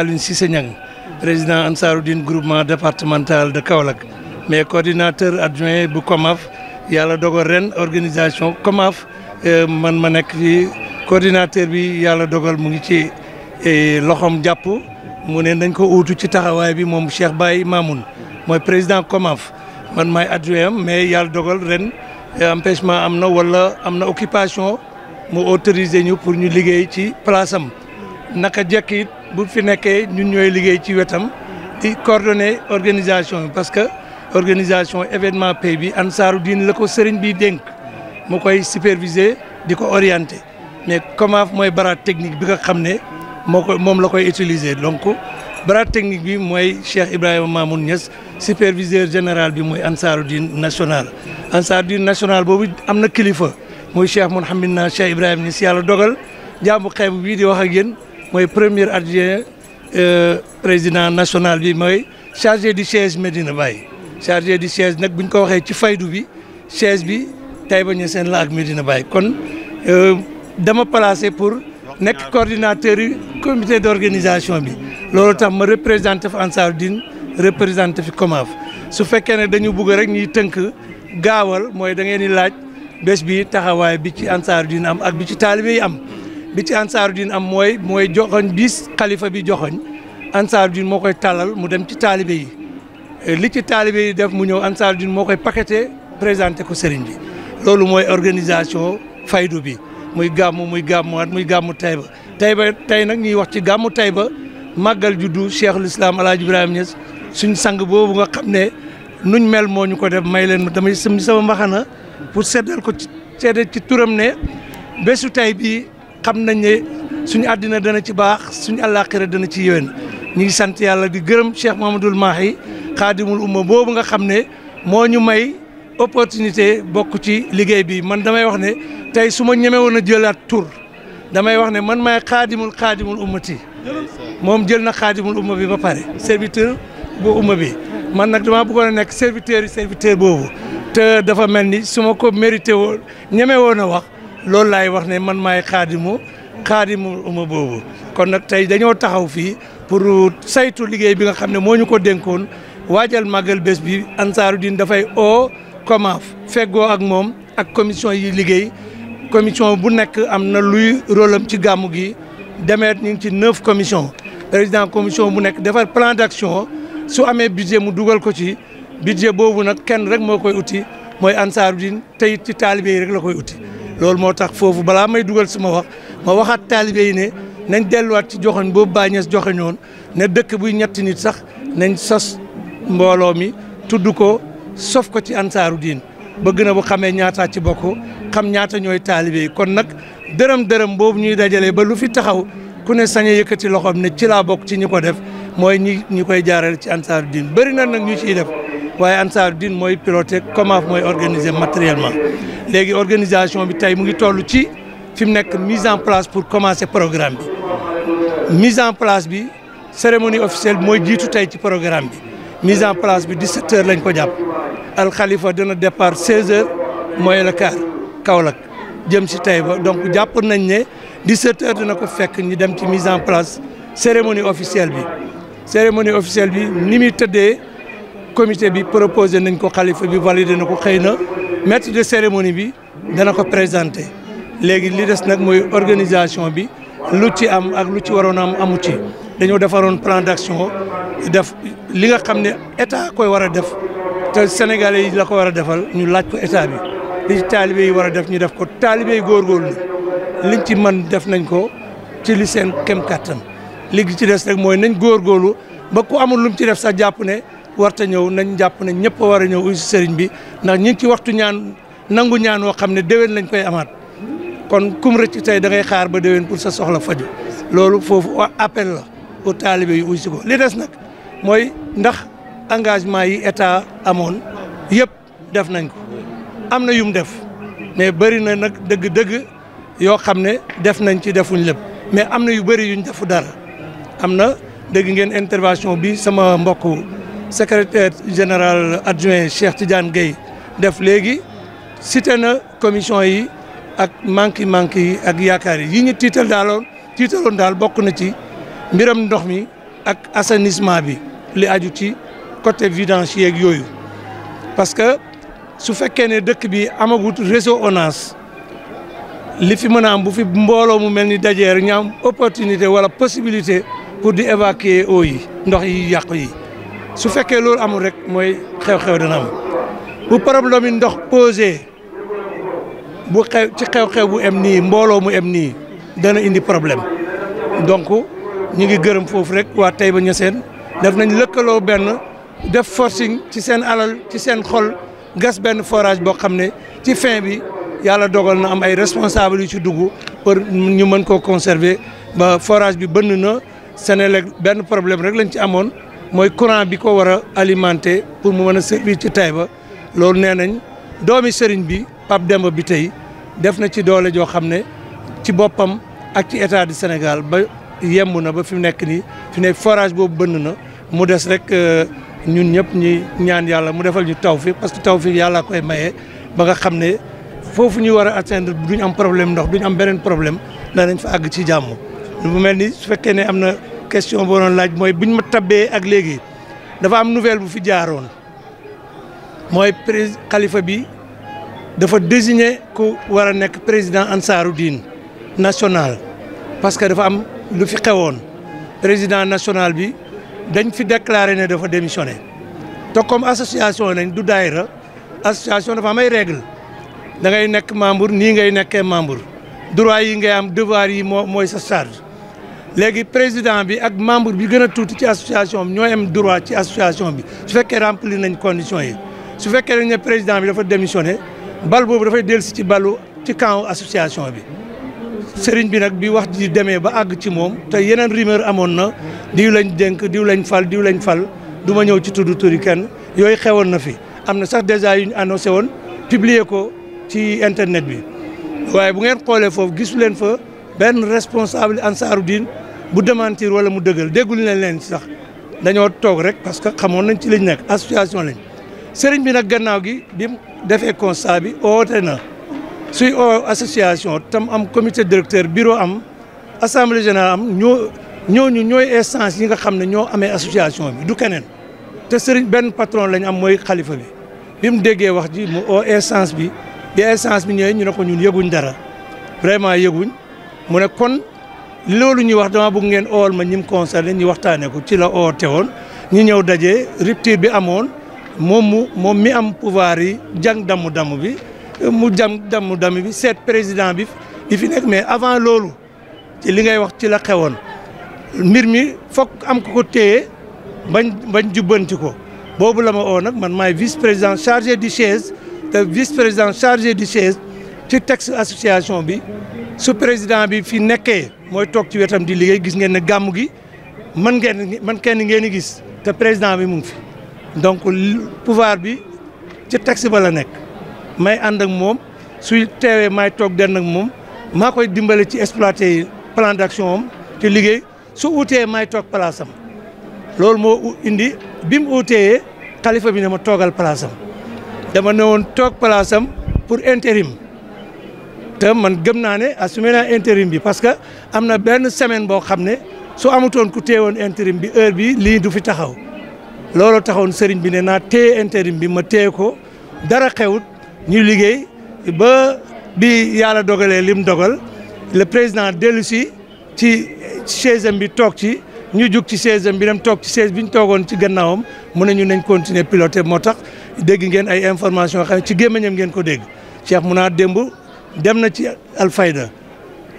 Alioune Cissé Niang président Ansaroudine groupement départemental de Kaolack mais coordinateur adjoint bu COMAF yàlla dogal ren organisation COMAF euh, man ma nekk fi coordinateur bi yàlla dogal mu ngi ci eh, loxoom jàpp mu ne dañ ko uutu ci taxawaay bi moom Cheikh Baye Mamoun mooy président COMAF man may adjoint am mais yàlla dogal ren euh, empêchement am na wala am na occupation mu autorisé ñu pour ñu liggéey ci place naka jekk bu fi nekkee ñun ñooy liggéey ci wetam di coordonner organisation bi parce que organisation événement pays bi ansaaru diin la ko sëriñ bi dénk moo koy superviser di ko orienter mais comment mooy bara technique bi nga xam ne moo ko moom la koy utiliser donc bara technique bi mooy Cheikh Ibrahima Mamoun Niass superviseur général bi mooy ansaaru diin national ansaaru diin national boobu am na kilifa muy Cheikh Mouhamed na Cheikh Ibrahima Niass yàlla dogal jaamu xeebu bii di wax ak yéen mooy premier adjoint euh, président national bi mooy chargé du siège médine Baye chargé du siège nag bu ñu ko waxee ci faydu bi siège bi Taïba Niassène la ak Medina Baye kon euh, dama placé pour nekk coordinateur yi comité d' organisation bi loolu tax ma représenté fi dine représenté fi COMAF su fekkee ne dañu bugg rek ñuy tënk gaawal mooy da ngeen di laaj bés bi taxawaay bi ci Ansaroudine am ak bi ci taalibe yi am bi ci Ansaarud-Din am mooy mooy joxoñ biis kalifa bi joxoñ Ansaarud-Din moo koy tàllal mu dem ci taalibe yi euh, li ci taalibe yi def mu ñëw Ansaarud-Din moo koy paqueté présenté ko sëriñ bi loolu mooy organisation faydu bi muy gàmmu muy gàmmuwaat muy gàmmu Taïba Taïba tey nag ñuy wax ci gàmmu ba màggal juddu Cheikhul Islam El Hadj Ibrahima Niass suñ sang boobu nga xam ne nuñ mel moo ñu ko def may leen damay sama mbaxana pour seddal ko ci seddal ci turam ne xam nañ ne suñu àddina dana ci baax suñu àllaaxira dana ci yéwén ñu ngi sant yàlla di gërëm Cheikh Mouhamadoul Mahi xaadimul umma boobu nga xam ne moo ñu may opportunité bokk ci liggéey bi man damay wax ne tey su ma ñemewoon a jëlaat tur damay wax ne man maay xaadimul xaadimul ummati moom jël na xaadimul umma bi ba pare serviteur bu umma bi man nag dama bëggoon a nekk serviteur yi serviteur boobu te dafa mel ni suma ko mérité ñeme woon a wax loolu laay wax ne man maay xaadimu xaadimu uma boobu kon nag tey dañoo taxaw fii pour saytu liggéey bi nga xam ne moo ñu ko dénkoon waajal màggal bés bi ansaaru din dafay oo COMAF feggoo ak moom ak commission yi liggéey commission bu nekk am na luy rôle ci gàmmu gi demeet ñu ngi ci neuf commission président commission bu nekk defar plan d'action su amee budget mu dugal ko ci budget boobu nag kenn rek moo koy uti mooy ansaaru din tey ci taalibe yi rek la koy uti loolu moo tax foofu balaa may dugal suma wax ma waxaat taalibe yi ne nañ delluwaat ci joxoñ boobu Baay Ñas joxoñ woon ne dëkk buy ñetti nit sax nañ sos mbooloo mi tudd ko sof ko ci ansaaru diin bëgg na bu xamee ñaataa ci bokk xam ñaata ñooy taalibe yi kon nag dërëm dërëm boobu ñuy dajalee ba lu fi taxaw ku ne sañ a yëkkati loxoom ne ci laa bokk ci ñu ko def mooy ñi ñi koy jaarale ci ansaaru diin bëri na nag ñu ciy def waaye Ansaarud-Din mooy piloté comment mooy organiser matériellement léegi organisation bi tey mu ngi toll ci fi mu nekk mise en place pour commencer programme bi mise en place bi cérémonie officielle bi mooy jiitu tey ci programme bi mise en place bi di heures lañ ko jàpp Al Khalifa dana départ 16 heures le car Kaolack jëm si Taïba donc jàpp nañ ne di heures dina ko fekk ñu dem ci mise en place cérémonie officielle bi cérémonie officielle bi ni muy comité bi proposé nañ ko xalifa bi validé na ko xëy na maître de cérémonie bi dana ko présenté léegi li des nag mooy organisation bi lu ci am ak lu ci waroon am amu ci dañoo defaroon plan d'action def li nga xam ne état koy war a def te sénégalais yi la ko war a defal ñu laaj ko état bi li ci yi war a def ñu def ko taalibe yi góorgóorlu liñ ci man def nañ ko ci li seen kem kàttan léegi ci des rek mooy nañ góorgóorlu ba ku amul lu mu ci def sax jàpp ne warta ñëw nañ jàpp nañ ñëpp a war a ñëw uy si sëriñ bi ndax ñi ngi ci waxtu ñaan nangu ñaan woo xam ne déwén lañ koy amaat kon kum rëcc tey da ngay xaar ba déwén pour sa soxla faju loolu foofu appel la pour taalibe yu uy si ko li des nag mooy ndax engagement yi état amoon yëpp def nañ ko am na yum def mais bëri na nag dëgg yoo xam ne def nañ ci defuñ lépp mais am na yu bëri yuñ defu dara am na dégg ngeen intervention bi sama mbokk secretaire général adjoint Cheikh Tidiane Gueye def léegi cité na commission yi ak manque manque yi ak yaakaar yi ñu tiital daaloon tiitaloon daal bokk na ci mbiram ndox mi ak assainissement bi li aju ci côté vidange yeeg yooyu parce que su fekkee ne dëkk bi amagut réseau ONAS li fi mën a am bu fi mbooloo mu mel ni dajeer ñu am opportunité wala possibilité pour di évacuer eau yi ndox yi yàqu yi su fekkee loolu amul rek mooy xew-xew dana am bu problème ndox posé bu xew ci xew-xew bu em nii mbooloo mu em nii dana indi problème donc ñu ngi gërëm foofu rek waa tey Taïba Niassène def nañ lëkkaloo benn def forcing ci seen alal ci seen xol gas benn forage boo xam ne ci fin bi yàlla dogal na am ay responsable yu ci dugg pour ñu mën koo conserver ba forage bi bënn na Senelec benn problème rek lañ ci amoon mooy courant bi ko war a alimenter pour mu mën a servir ci Taïba loolu nee nañ doomi sëriñ bi Pape Demba bi tey def na ci doole joo xam ne ci boppam ak ci état du Sénégal ba yemb na ba fi mu nekk nii fi nekk forage boobu bënn na mu des rek euh, ñun ñëpp ñi ñaan yàlla mu defal ñu tawfiq parce que tawfiq yàlla koy maye ba nga xam ne foofu ñu war a atteindre duñ am problème ndox duñ am beneen problème nañ fa àgg ci jàmm bu mel ni fekkee ne am na question boo laaj mooy biñ ma tabbee ak léegi dafa am nouvelle bu fi jaaroon mooy prés kalifa bi dafa désigner ku war a nekk président ansaaru diin national parce que dafa am lu fi xewoon président national bi dañ fi déclaré ne dafa démissionné te comme association lañ du daayira association dafa amay ay règle da ngay nekk membre nii ngay nekkee membre droit yi ngay am devoir yi moo mooy sa charge léegi président bi ak membre bi gën a tuuti ci association bi ñoo am droit ci association bi su fekkee remplir nañ conditions yi su fekkee dañ ne président bi dafa démissionné bal boobu dafay si ci balu ci camp association bi sëriñ bi nag bi wax ji demee ba àgg ci moom te yeneen rumeur amoon na diw lañ dénk diw lañ fal diw lañ fal du ma ñëw ci tudd turi kenn yooyu xewoon na fi am na sax déjà yu ñu annoncé woon publier ko ci internet bi waaye bu ngeen xoolee foofu gisu leen fa benn responsable ansaaru diin bu démentir wala mu dëggal déggul nañ leen sax dañoo toog rek parce que xamoon nañ ci lañ nekk association lañ sëriñ bi nag gannaaw gi bi mu defee constat bi oote na suy oo association tam am commité directeur bureau am assemblée générale am ñoo ñu ñooy instance yi nga xam ne ñoo amee association bi du keneen te sëriñ benn patron lañ am mooy xalifa bi bi mu déggee wax ji mu oo instance bi bi instance bi ñëwee ñu ne ko ñun yëguñ dara vraiment yëguñ mu ne loolu ñuy wax dama bëgg ngeen ool ma ñi mu concerné ñu waxtaanee ko ci la oote woon ñu ñëw daje rupture bi amoon moom moom mi am pouvoir yi jàng damu damu bi mu jam damu damu bi seet président bi di fi nekk mais avant loolu ci li ngay wax ci la xewoon mbir mi fokk am ko ko téye bañ bañ jubbanti ko boobu la ma oo nag man maay vice président chargé du chaise te vice président chargé du chaise ci texte association bi su président bi fi nekkee. mooy toog ci wetam di liggéey gis ngeen ne gàmm gi man ngeen man kenn ngeen i gis te président bi mu ngi fi donc pouvoir bi ci taxi ba la nekk may ànd ak moom su teewee may toog den nag moom maa koy dimbale ci exploiter plan d'action am ci liggéey su utee may toog place loolu moo indi bi mu utee xalifa bi ne ma toogal place dama ne woon toog place am pour intérim te man gëm naa ne a naa intérim bi parce que am na benn semaine boo xam ne su amutoon ku téewoon intérim bi heure bi lii du fi taxaw looloo taxawoon sëriñ bi ne naa téye intérim bi ma téye ko dara xewut ñu liggéey ba bi yàlla dogalee mu dogal le président dellu si ci chaise am bi toog ci ñu jug ci chaise bi dem toog ci chaise bi ñu toogoon ci gannaawam mu ne ñu nañ continuer piloter moo tax dégg ngeen ay information xam ci gémmiñam ngeen ko dégg Cheikh Mouna démb dem na ci Alfayda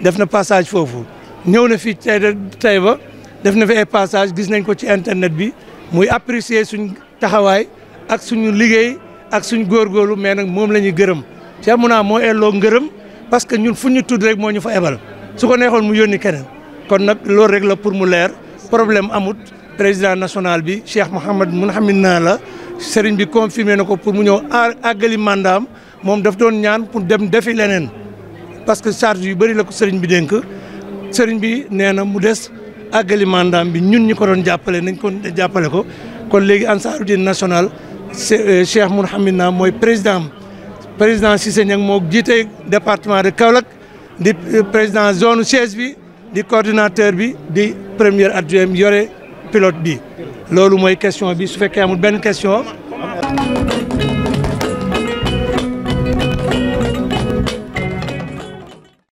def na passage foofu ñëw na fii tey tey ba def na fi ay passage gis nañ ko ci internet bi muy apprécier suñ taxawaay ak suñu liggéey ak suñ góorgóorlu mais nag moom la ñuy gërëm Cheikh Mouna moo elloo ngërëm parce que ñun fu ñu tudd rek moo ñu fa ebal su ko neexoon mu yónni keneen kon nag loolu rek la pour mu leer problème amut président national bi Cheikh Mouhamed mun xamin naa la sëriñ bi confirmé na ko pour mu ñëw àggali mandaam moom daf doon ñaan pour dem defi leneen parce que charge yu bëri la ko sëriñ bi dénk sëriñ bi nee na mu des àggali mandaam bi ñun ñi ko doon jàppale nañ ko jàppale ko kon léegi Ansaarud-Din national euh, Cheikh Mouhamed Naam mooy président président Cissé Niang moo jiitee département de Kaolack di euh, président zone siège bi di coordinateur bi di premier adjoint yore pilote bi loolu mooy question bi su fekkee amul benn question